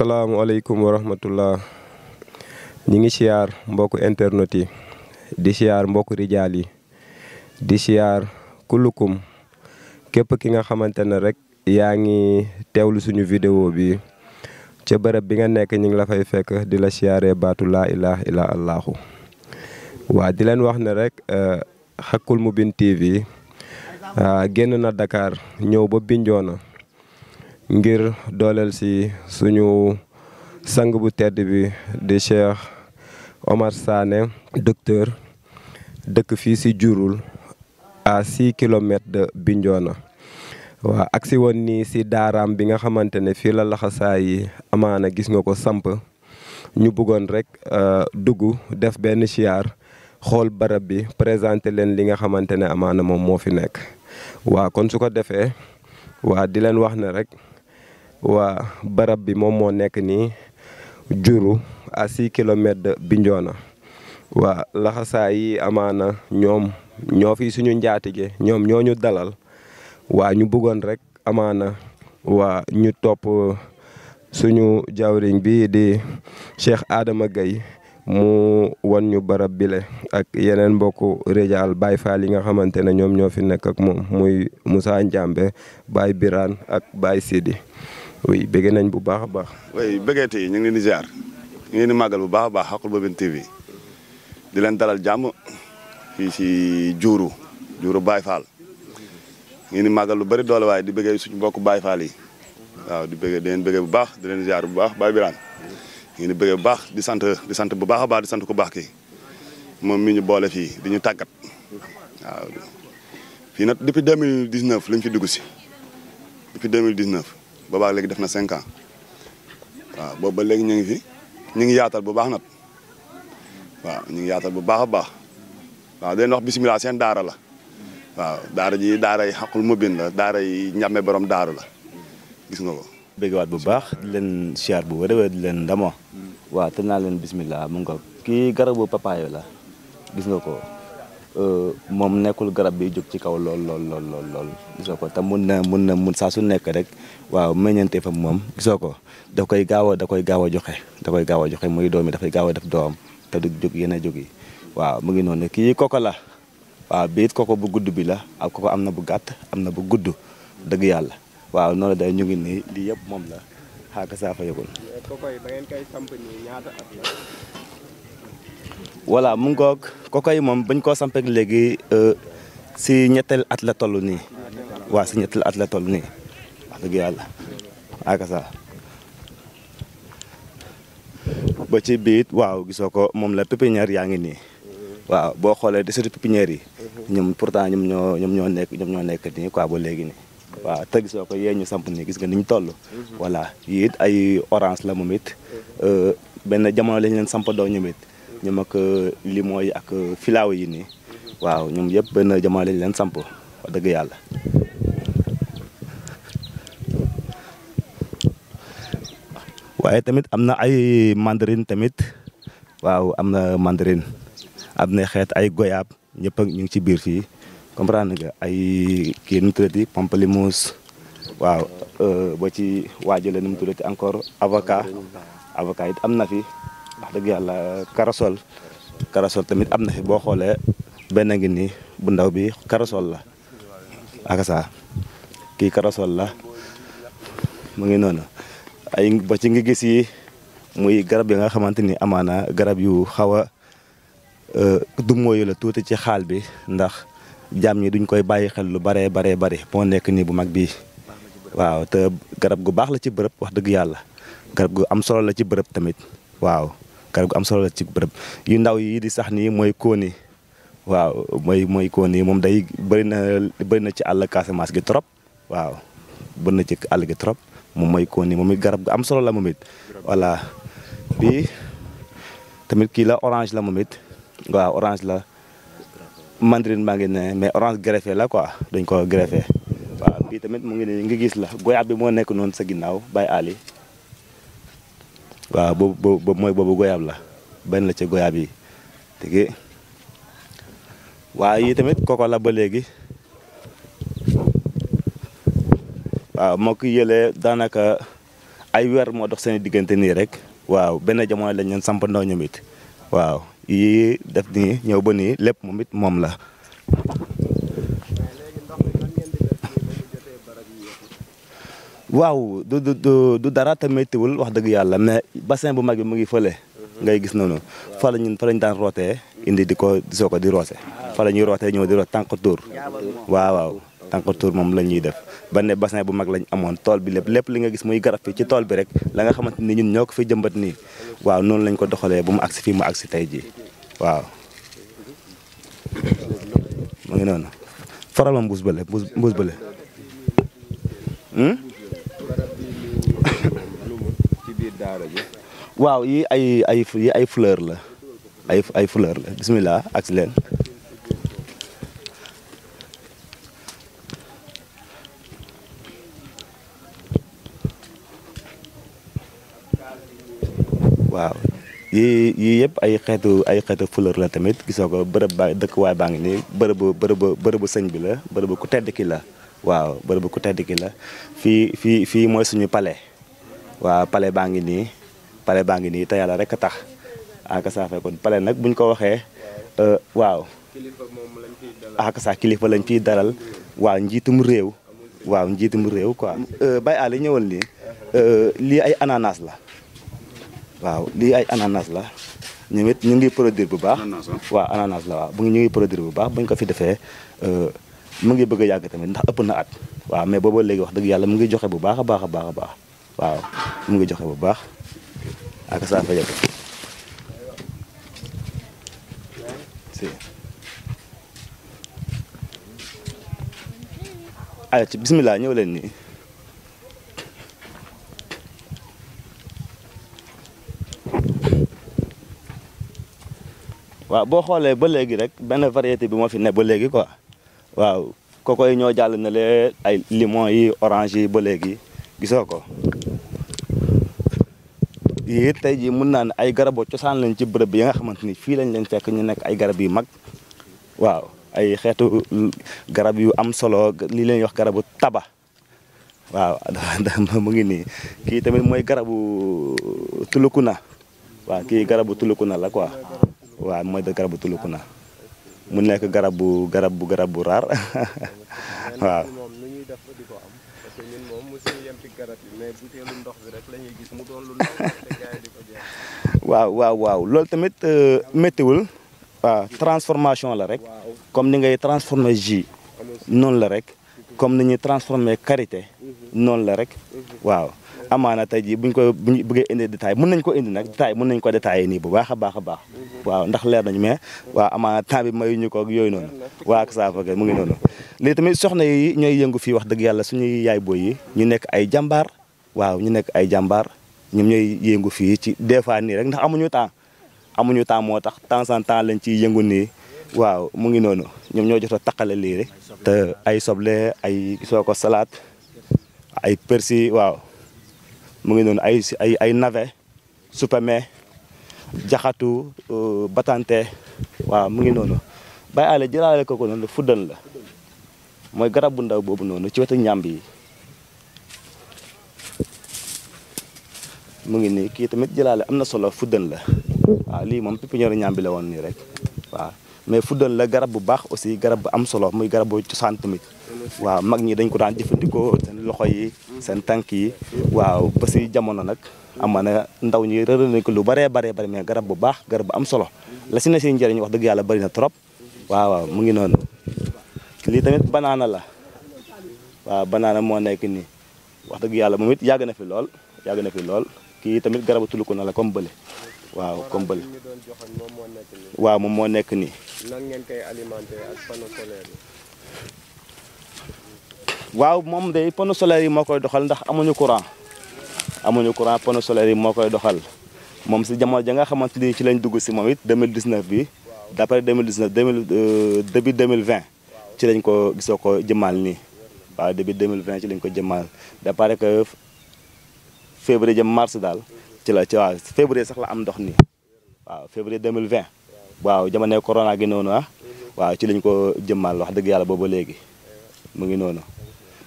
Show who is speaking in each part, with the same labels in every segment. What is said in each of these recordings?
Speaker 1: alaykum wa rahmatullah ñi ngi siyaar mbokk internet yi di siyaar mbokk rijal yi di siyaar kulukum kep ki nga xamantene rek yaangi tewlu suñu vidéo bi ci bërëb bi nga nekk ñi nga fay fekk di la siyaaree batu la ilaha illa allahu Wadilan di len wax ne rek eh, hakul mubin TV ah, genn na Dakar ñew ba ngir dooleel si suñu sang bu tedd bi di Cheikh Omar saane docteur dëkk fii si jurul à six kilomètres de agsi woon nii si daaraam bi nga xamante ne fii la laxasaa yi amaana gis nga ko samp ñu buggoon rek euh, dugg def benn siyaar xool barab bi présenté leen li nga xamante ne amaana moom moo fi nekk waaw kon su ko defee waa di leen wax na rek waa barab bi moom moo nekk nii juru à six kilomètres de waa laxasaa yi amaana ñoom ñoo fi suñu njaatige ñoom ñoo ñu dalal waa ñu bëggoon rek amaana waa ñu topp suñu jawriñ bi di Cheikh Adama Gueye mu wan ñu barab bile ak yeneen mbokku réjaal Baye Fall yi nga xamante ne ñoom ñoo fi nekk ak moom muy Moussa Ndiambe Baye Birane ak Baye Sidi oui bëggee nañ bu baax a baax.
Speaker 2: oui bëggeete yi ñu ngi leen di ziar ñu ngi leen di màggal bu baax a baax Haqqul Bobine TV di leen dalal jàmm fii si Diourou Diourou Baye Fall ñu ngi di màggal lu bari doole waaye di bëggee suñu mbokku baay faal yi waaw di bëggee di bu baax di leen ziar bu baax Baye Birane ñu ngi di bëggee bu baax di sant di sant bu baax a baax di sant ku baax kii moom mi ñu boole fii di ñu tàggat waaw fii nag depuis 2019 lañ fi dugg si depuis 2019. boobaa léegi def na cinq ans waaw boobu ba léegi ñu ngi fi ñu ngi yaatal bu baax nag waaw ñu ngi yaatal bu baax a baax waaw dañuy wax bisimilah seen daara la waaw daara ji daara yi xaqul mubin la daara yi ñàmme borom daaru la gis
Speaker 3: nga ko. bëggewaat bu baax di leen siyaar bu wërëwër di leen ndamo waaw te naa leen bisimilah mu ngi ko kii garabu papaayo la gis nga ko. Euh, moom nekkul garab bi jóg ci kaw lool lool lool lool lool gisoo ko te mun na mun na mun saa su nekk rek waaw meññante fa moom gisoo ko da koy gaaw a da koy gaaw a joxe da gaaw a joxe muy doom yi dafay gaaw a def doom te du jóg yenn jóg waaw mu ngi noonu kii koko la waaw biit koko bu gudd bi la ak koko am na bu gàtt am na bu gudd dëgg yàlla waaw noonu day ñu ngi nii lii yëpp moom la xaaka saa fa yëgul. Wala mu ngoog kokoy moom bañ koo sampek léegi si ñetteel at la toll si ñetteel at la toll nii wax dëgg yàlla ak sa ba ci biit waaw gisoo ko moom la pépinière yaa ngi nii waaw boo xoolee desitu pépinière yi ñoom pourtant ñoom ñoo ñoom ñoo nekk ñoom ñoo nekk nii quoi ba léegi nii waaw te gisoo ko samp gis nga ay orange la moom it euh, benn jamono lañ leen samp ñuma ko limo yi ak filaw yi ni waaw ñum yeb ben jamaale len samp wax deug yalla waye tamit amna ay mandarin tamit waaw amna mandarin amna xet ay goyab ñepp ak ñu ci biir fi comprendre nga ay ki ñu tuddi pamplemousse waaw ba ci wajjal ñu tuddi encore avocat avocat it fi wax dëgg yàlla karasol karasol tamit am na fi boo xoolee benn ngi bu ndaw bi karasol la ak sa, ki karasol la mu ngi noonu ay ba ci ngi gis yi muy garab yi nga xamante ni amaana garab yu xaw a dummóoyu la tuuti ci xaal bi ndax jam ñi duñ koy bàyyi xel lu bare moo nekk bu mag wow waaw te garab gu baax la ci bërëb wax garab gu am solo la ci tamit waaw garab gu am solo la ci bërb yu ndaw yi di sax ni moy koni waaw moy moy koni mom day bari na bari na ci àll Casamance gi trop waaw bari na ci àll gi trop mom moy koni mom garab gu am solo la moom it bi tamit ki la orange la momit, it waaw orange la mandarin ma ngi ne mais orange greffé la quoi dañ ko greffé waaw bi tamit mo ngi ni nga gis la goyab bi mo nek non sa ginnaw bay Ali waaw boobu boobu mooy boobu goyaab la benn la ci yi tigi waaw yi tamit koko la ba léegi waaw moo ko yëlee daanaka ay weer moo dox seen diggante nii rek waaw benn jamono lañ leen samp ndaw ñoom it waaw def nii ba nii moom la waaw du du du dara te méttiwul wax dëgg yàlla mais bassin bu mag bi mu ngi fële. ngay gis noonu. fa la ñun fa lañ daan rootee. indi di ko di soo ko di roose. fa la ñuy rootee ñëw di root tànk tuur. waaw waaw tànk tuur moom la ñuy def. ba ne bassin bu mag lañu amoon tool bi lépp lépp li nga gis muy garab fii ci tool bi rek la nga xamante ni ñun ñoo ko fi jëmbat nii. waaw noonu lañ ko doxalee ba mu agsi fii mu agsi tey jii waaw. mu ngi noonu faral ma mbuus bële mbuus mbuus bële. Hmm? waaw yi ay ay yi la ay ay fleur la bismillah ak leen waaw yii yii yëpp ay xeetu ay xeetu la tamit gisoo ko bërëb ba dëkkuwaay baa ngi nii bërëbu bërëbu bërëbu bi la bërëbu ku tedd ki la waaw bërëbu ku tedd ki la fii fii fii mooy suñu palais wa palais bangi ni palais bangi ni tayala rek a tax aka saa fekkoon palais nak buñ ko euh waaw aka sa kilifa lañ fi dalal wa njitum rew wa njitum rew quoi e, Baye Ali ni euh li ay ananas la waaw li ay ananas la ñoom ñu ngi produire bu baax wa ananas la wa bu ñu ngi produire bu baax buñ ko fi euh mu ngi bëgg a tamit ndax ëpp na at wa mais booba légui wax dëgg yalla mu ngi joxe bu baaxa baaxa baaxa baax waaw mu ngi joxe bu baax ak saa ci bismillah ñëw leen nii waaw boo xoolee ba léegi rek benn variété bi moo fi ne ba léegi quoi waaw kokoy ñoo jàll na lee ay limon yi orange yi ba léegi gisoo ko yi tey jii mën ay garabu cosaan lañ ci bërëb yi nga xamante ni fii lañ leen fekk ñu nekk ay garab yu mag waaw ay xeetu garab yu am solo li leen wax garabu taba waaw ada ngi nii ki tamit mooy garabu tulukuna waaw ki garabu tulukuna la quoi waaw mooy de garabu tulukuna mu nekk garabu garabu garabu rar waaw Wow, wow, wow. L'ultimate ndox transformation la rek. comme nous ngay transformé ji non la rek. comme ni ñuy transformé karité. Mhm. non la rek. Mhm. waaw. amaana tey jii buñ ko buñ bëggee indi détail mën nañ ko indi nag détail mën nañ ko détaillé nii bu baax a baax a baax waaw ndax leer nañu mais waaw amaana temps bi mayuñu ko ak yooyu noonu waa ak saa fage mu ngi noonu léegi tamit soxna yi ñooy yëngu fii wax dëgg yàlla suñuy yaay booy yi ñu nekk ay jàmbaar waaw ñu nekk ay jàmbaar ñoom ñooy yëngu fii ci des fois nii rek ndax amuñu temps amuñu temps moo tax temps en temps lañ ciy yëngu nii waaw mu ngi noonu ñoom ñoo jot a taqale lii rek te ay soble ay soo ko salaat ay persil waaw mu ngi noonu ay ay ay navet supame jaxatu euh, batante waaw mu ngi noonu bay ala jëlaale ko ko noonu fuddan la mooy garab bu ndaw boobu noonu ci wetu ñàmb yi mu ngi nii kii tamit jëlaale am na solo fuddan la waaw lii moom pépinière ñàmbi la woon nii rek waaw mais fuddan la garab bu baax aussi garab bu am solo muy garab bu cosaan tamit waaw mag ñi dañ ko daan jëfandikoo seen loxo yi seen tànk yi waaw ba si jamono nag amana ndaw ñi rëre nañ ko lu bare bare bare mais garab bu baax garab bu am solo la si na seen njëriñ wax dëgg yàlla bari na trop waaw waaw mu ngi noonu lii tamit banaana la waaw banaana moo nekk nii wax dëgg yàlla moom it yàgg na fi lool yàgg na fi lool kii tamit garabu ko na la comme bële waaw comme bële waaw moom moo nekk nii
Speaker 1: nan ngeen koy alimenter ak panneau solaire
Speaker 3: waaw moom day panneau solaire yi moo koy doxal ndax amuñu courant amuñu courant panneau solaire yi moo koy doxal moom si jamono ja nga xamante ni ci lañ dugg si moom it 2019 bi d'après 2019 2000 euh, début 2020 ci lañ ko gisoo ko jëmmaal nii waaw début 2020 ci lañ ko jëmmaal d'après que février jëm mars daal ci la ci waaw sax la am ndox nii waaw février 2020 waaw jamono corona gi noonu ah waaw ci lañ ko jëmmaal wax dëgg yàlla booba léegi mu ngi noonu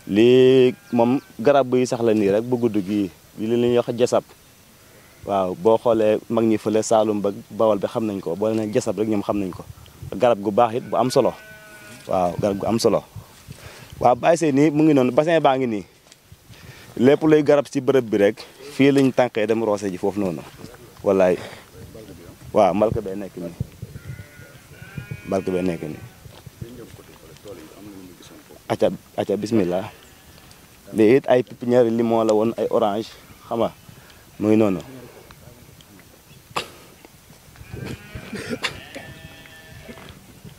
Speaker 3: lii mom garab buy sax la ni rek bu gudd gi li li ñu wax jasab waaw bo xolé mag ñi fële salum ba bawal bi xam nañ ko bo leen jasab rek ñom xam nañ ko garab gu bax it bu am solo waaw garab gu am solo waaw bay sey ni mu ngi non bassin ba ngi ni lepp lay garab ci bërepp bi rek fi lañ tanké dem rosé ji fofu nonu wallahi waaw malka bee nekk ni malka bee nekk ni aca aca bismillah de it ay pepinyar limon la won ay orange xama muy nono ngi noonu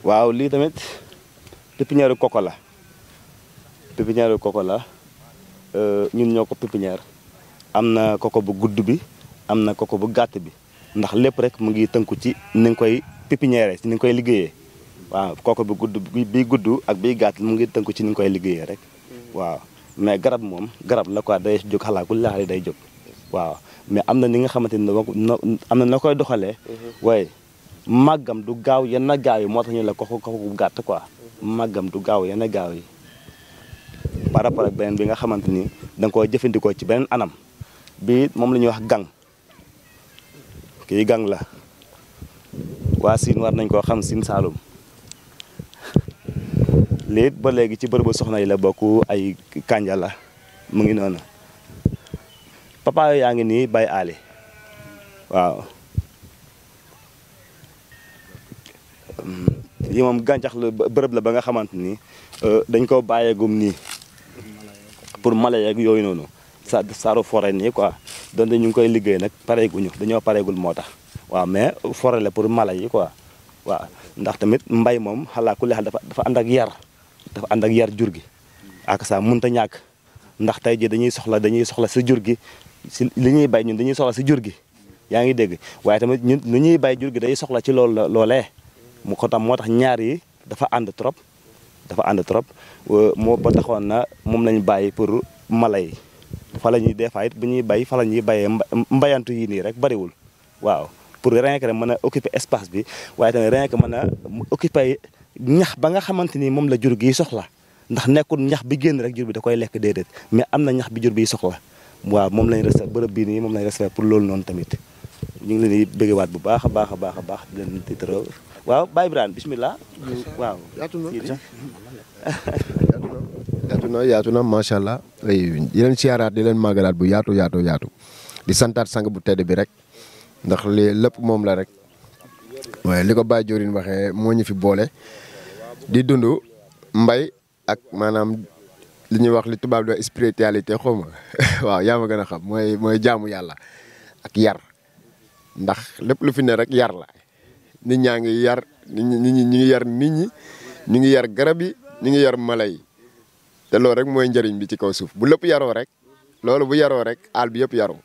Speaker 3: waaw lii tamit pépinière koko la pépinière koko la ñun eh, ñoko pepinyar amna am na koko bu gudd bi am na koko bu gatt bi ndax lepp rek mu ngi teunku ci ni nga koy ni waaw kooku bi gudd bi gudd ak bi gàtt mu ngi tënku ci ni koy liggéeyee rek mm-hmm. waaw mais garab moom garab la ko day jóg xalaa ku laal day jóg waaw mais am na ni nga xamante ni am na na koy doxalee mm-hmm. waaye màggam du gaaw yenn gaaw yi moo tax ñu la kooku kooku gàtt quoi mm-hmm. màggam du gaaw yenn gaaw yi par rapport ak beneen bi nga xamante ni da nga jëfandikoo ci beneen anam bi moom lañuy wax gang kii gang la waa siin war nañ koo xam siin Saalum leet ba legi ci bërëbu soxna yi la bokku ay kanja la mu ngi non papa yo yaangi ni bay aali waaw yi mom gàncax la bërëb la ba nga xamanteni ni euh, dañ ko gum ni pour malay ak yoy nonu sa saaru forêt ni quoi donte dañ ngui koy liggéey nag pareeguñu dañu pareegul moo waaw mais forêt la pour malay quoi wa ndax tamit mbay mom hala kulli hal dafa dafa giar ak yar dafa ànd ak yar jur gi ak sa munta ñak ndax tay ji dañuy soxla dañuy soxla si jur gi li ñuy bay ñun dañuy soxla si jur gi yaa ngi dégg waaye tamit ñun li ñuy bay jur gi day soxla ci lool lolé mu ko tam motax ñaar yi dafa and trop dafa and trop mo ba taxon na mom lañ bàyyi pour malay fa lañuy ñuy it bu ñuy bay fa lañuy baye mbayantu yi ni rek wul waaw pour rien que mën a occuper espace bi waaye tamit rien que mën a occuper ñax ba nga xamante ni moom la jur gi soxla ndax nekkul ñax bi génn rek jur bi da koy lekk déedéet mais am na ñax bi jur bi soxla waaw moom lañ resta bërëb bii nii moom lañ resta pour loolu noonu tamit ñu ngi leen di waat bu baax a baax a baax a
Speaker 4: baax di leen tiitaroo
Speaker 3: waaw Baye Birane bisimilah. waaw yaatu na
Speaker 4: yaatu na yaatu na macha allah. di leen siyaaraat di leen màggalaat bu yaatu yaatu yaatu di santaat sang bu tedd bi rek. ndax lii lépp moom la rek waaye li ko Baye Diorin waxee moo ñu fi boole di dund mbay ak maanaam li ñuy wax li tubaab di wax spiritualité xaw ma waaw yaa ma a xam mooy mooy jaamu yàlla ak yar ndax lépp lu fi ne rek yar la nit ñaa ngi yar nit ñi ñu ngi yar nit ñu ngi yar garab yi ñu ngi yar mala yi te loolu rek mooy njëriñ bi ci kaw suuf bu lépp yaroo rek loolu bu yaroo rek àll bi yëpp yaroo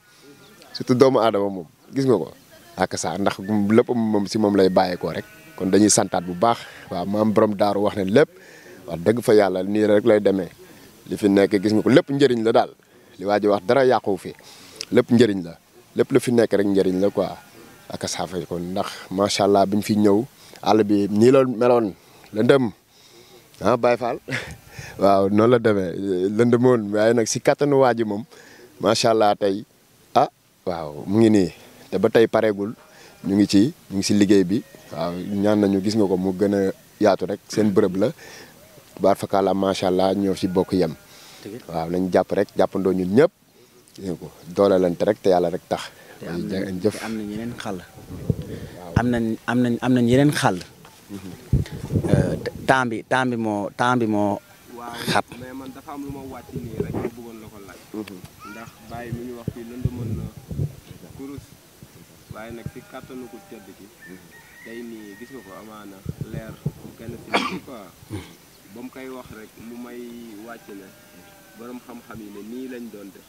Speaker 4: surtout doomu aadama moom. gis nga ko ak sa ndax lépp moom si moom lay bàyyeekoo rek kon dañuy santaat bu baax waaw maam borom daaru wax ne lépp waa dëgg fa yàlla nii rek lay demee li fi nekk gis nga lépp njëriñ la daal li waa ji wax dara yàquw fi lépp njëriñ la lépp lu fi nekk rek njëriñ la quoi ak saa fay ndax macha allah bi ñu fi ñëw àll bi nii la meloon lëndëm ah Baye Fall waaw noonu la demee lëndëmoon waaye nag si kattanu waa ji moom macha allah tey ah waaw mu ngi nii. te ba tey pareegul ñu ngi ci ñu ngi ci liggéey bi waaw ñaan nañu gis nga ko mu gëna yaatu rek seen bërepp la baar fakala sha allah ñoo ci bokk yam waaw nañ japp rek jappando ñun ñëpp ko doolalante rek te Yalla rek tax amna am nañ yeneen amna amna
Speaker 5: nañ am nañ am nañ yeneen xàll mhm. euh, xat mais
Speaker 1: man dafa am luma ma ni rek ma bëggoon la ko laaj mhm. ndax baye mi ñu wax fi lu ndu mëna waaye nag si kàttanu ko tedd ci tey nii gis nga ko amaana leer kenn si nit quoi mm-hmm. ba mu koy wax rek mu may wàcc ne mm-hmm. borom xam-xam yi ne nii lañ doon def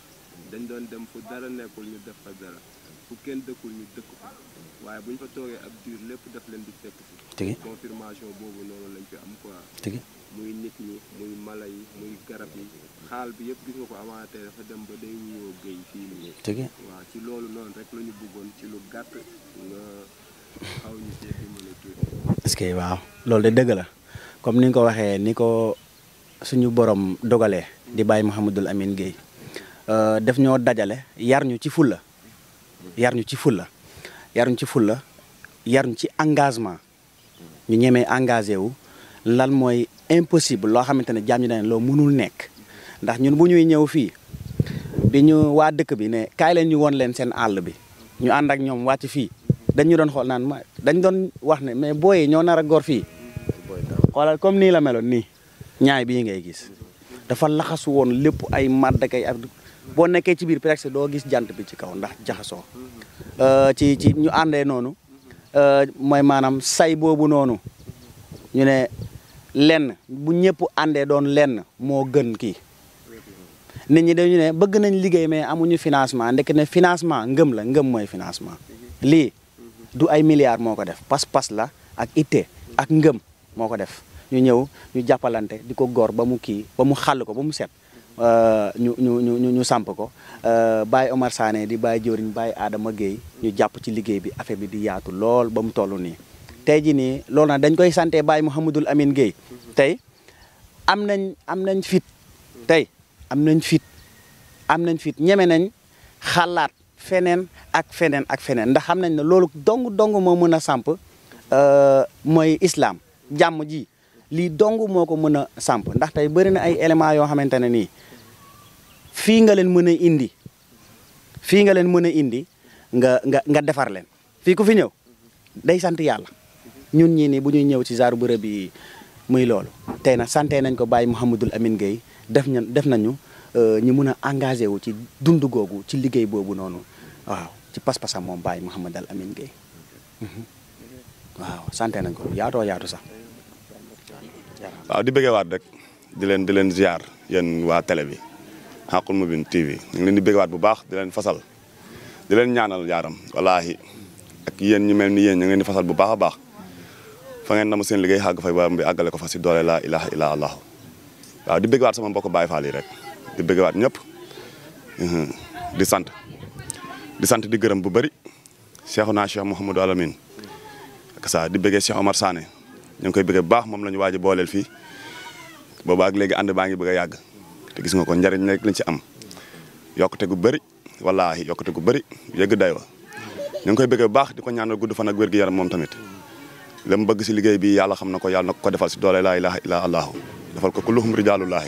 Speaker 1: dañ doon dem fu dara nekkul ñu def fa dara fu kenn dëkkul ñu dëkk ko waaye buñ ñu fa toogee ab diir lépp daf leen di fekk si tigi confirmation boobu noonu lañ fi am quoi tigi muy nit ñi muy mala yi muy garab yi xaal bi yëpp gis nga ko avant dem ba day wuyoo géy fii nii tigi waaw ci loolu noonu rek la buggoon ci lu gàtt nga xaw ñu see dimbali
Speaker 5: tuuti est-ce que waaw loolu de dëgg la comme ni nga ko waxee ni ko suñu borom dogalee di bàyyi Mouhamadul amin Guèye Euh, def ñoo dajale yar ñu ci fulla yar ñu ci fulla yar ñu ci fulla yar ñu ci engagement ñu ñeme engagé wu lan mooy impossible loo xamante ne jaam ñu ne loo mënul nekk ndax ñun bu ñuy ñëw fii bi ñu waa dëkk bi ne kaay leen ñu woon leen seen àll bi ñu ànd ak ñoom wàcc fii dañu doon xool naan dañ doon wax ne mais booyi ñoo nar a gor fii xoolal comme nii la meloon nii ñaay bii ngay gis dafa laxasu woon lépp ay màdd ak ay boo nekkee ci biir presque doo gis jant bi ci kaw ndax jaxasoo euh, ci ci ñu àndee noonu euh, mooy maanaam say boobu noonu ñu ne lenn bu ñëpp àndee doon lenn moo gën kii nit ñi dañu ne bëgg nañ liggéey mais amuñu financement ndek ne financement ngëm la ngëm mooy financement lii du ay milliards moo ko def pas-pas la ak itte ak ngëm moo ko def ñu ñëw ñu jàppalante di ko gor ba mu kii ba mu xàll ko ba mu set Euh, ñu ñu ñu ñu samp ko euh, Baye Omar Sané di Baye Diorigne Baye Adama Guèye ñu jàpp ci liggéey bi affaire bi di yaatu lool ba mu toll nii. tey jii nii loolu nag dañ koy sante Baye Mouhamadul Amine Guèye tey am nañ am nañ fit tey am nañ fit am nañ fit ñeme nañ xalaat feneen ak feneen ak feneen ndax xam nañ ne loolu dong dong moo mën a samp euh, mooy islam jàmm ji. lii dong moo ko mën a samp ndax tey bëri na ay éléments yoo xamante ne nii fii nga leen mën a indi fii nga leen mën a indi nga nga nga defar leen fii ku fi ñëw day sant yàlla ñun ñii nii bu ñuy ñëw ci genre bërëb yi muy loolu tey nag sante nañ ko Baye Mouhamadul Amine Gueye def def nañu euh, ñu mun a engagé wu ci dund googu ci liggéey boobu noonu waaw ci pas-pasam moom Baye Mouhamadul Amine Gueye mhm. waaw sante nañ ko yaatoo yaatu sax
Speaker 2: waaw di bëggee waat rek di leen di leen ziar yéen waa télé bi Haqqul Mubin TV ñu ngi leen di bëggee waat bu baax di leen fasal di leen ñaanal yaaram wallahi ak yéen ñu mel ni yéen ñu ngi leen di fasal bu baax a baax fa ngeen namu seen liggéey xàgg fay bi àggale ko fa si doole laa ilaha illa allah waaw di bëggee sama mbokk Baay Faal yi rek di bëggee waat ñëpp di sant di sant di gërëm bu bëri Cheikhuna Cheikh alamin ak saa di bëggee Cheikh Omar Sané ñu koy bëgg baax mom lañu waji bolel fi booleel fii boobu ak léegi ànd baa bëgg yag te gis nga ko ndariñ nek lañ ci am yokate gu bari wallahi yokate gu bari yegg day wa ñu koy bëgg baax diko ñaanal gudd fan ak wër gi yaram mom tamit lam bëgg ci liggéey bi yalla xam na ko yàlla na ko defal ci doole la ilaha illa allah defal ko kulluhum rijalullah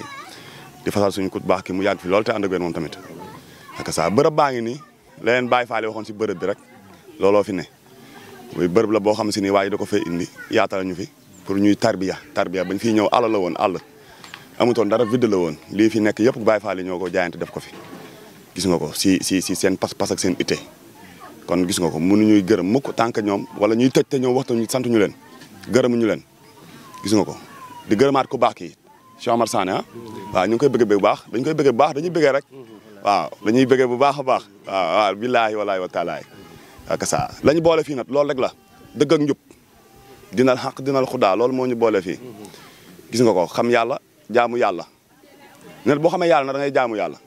Speaker 2: di fasal suñu kut baax ki mu yag fi lol te and ak wër mom tamit ak saa bërëb baangi ni leen bay faale waxon ci bërëb bi rek lolo fi ne way bërëb la bo xam si ni waaye dako fay indi yaatal ñu fi pour ñuy tarbiya tarbiya bañ fiy ñëw àll la woon àll amutoon dara vidde la woon lii fi nekk yëpp Baay Faal yi ñoo ko jaayante def ko fi gis nga ko si si si seen pas-pas ak seen itte kon gis nga ko mun mënuñuy gërëm mukk tant que ñoom wala ñuy tëj te ñoom waxtuñu santuñu leen gërëmuñu leen gis nga ko di gërëmaat ku baax kii Cheikh Omar Sané ah waaw ñu ngi koy bëgg bu baax dañ koy bëgg baax dañuy bëggee rek waaw dañuy bëggee bu baax a baax waaw waaw billaahi walaahi wa taalaay ak sa lañu boole fii nag loolu rek la dëgg ak njub dinal haq dinal khuda lol moñu bolé fi gis nga ko xam yalla jaamu yalla ne bo xamé yalla na da ngay jaamu yalla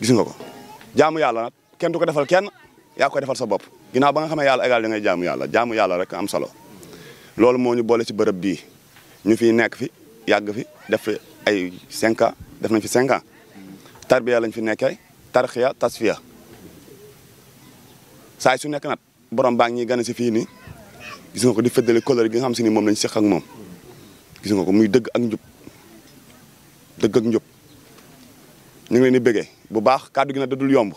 Speaker 2: gis nga ko jaamu yalla nak kenn du ko defal kenn ya koy defal sa bop ginnaaw ba nga xamé yalla égal da ngay jaamu yalla jaamu yalla rek am solo lol moñu bolé ci bërepp bi ñu fi nekk fi yag fi def fi ay 5 ans def nañ fi 5 ans tarbiya lañ fi nekké tarxiya tasfiya saay su nekk nak borom baa ngi ñuy gane si gis nga ko di feddale colère gi nga xam si ni moom nañ seq ak moom gis nga ko muy dëgg ak njub dëgg ak njub ñu ngi leen di bëggee bu baax kàddu gi na da dul yomb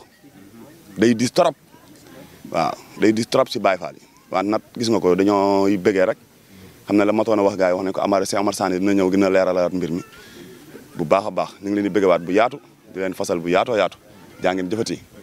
Speaker 2: day dis torop waaw day dis trop si baay Fall yi waaw nag gis nga ko dañoo bëggee rek xam na la matoon a wax gars yi wax ne ko Amar si Amar Sané dina ñëw gën a leeralaat mbir mi bu baax a baax ñu ngi leen di bëggewaat bu yaatu di leen fasal bu yaatoo yaatu jaa jëfati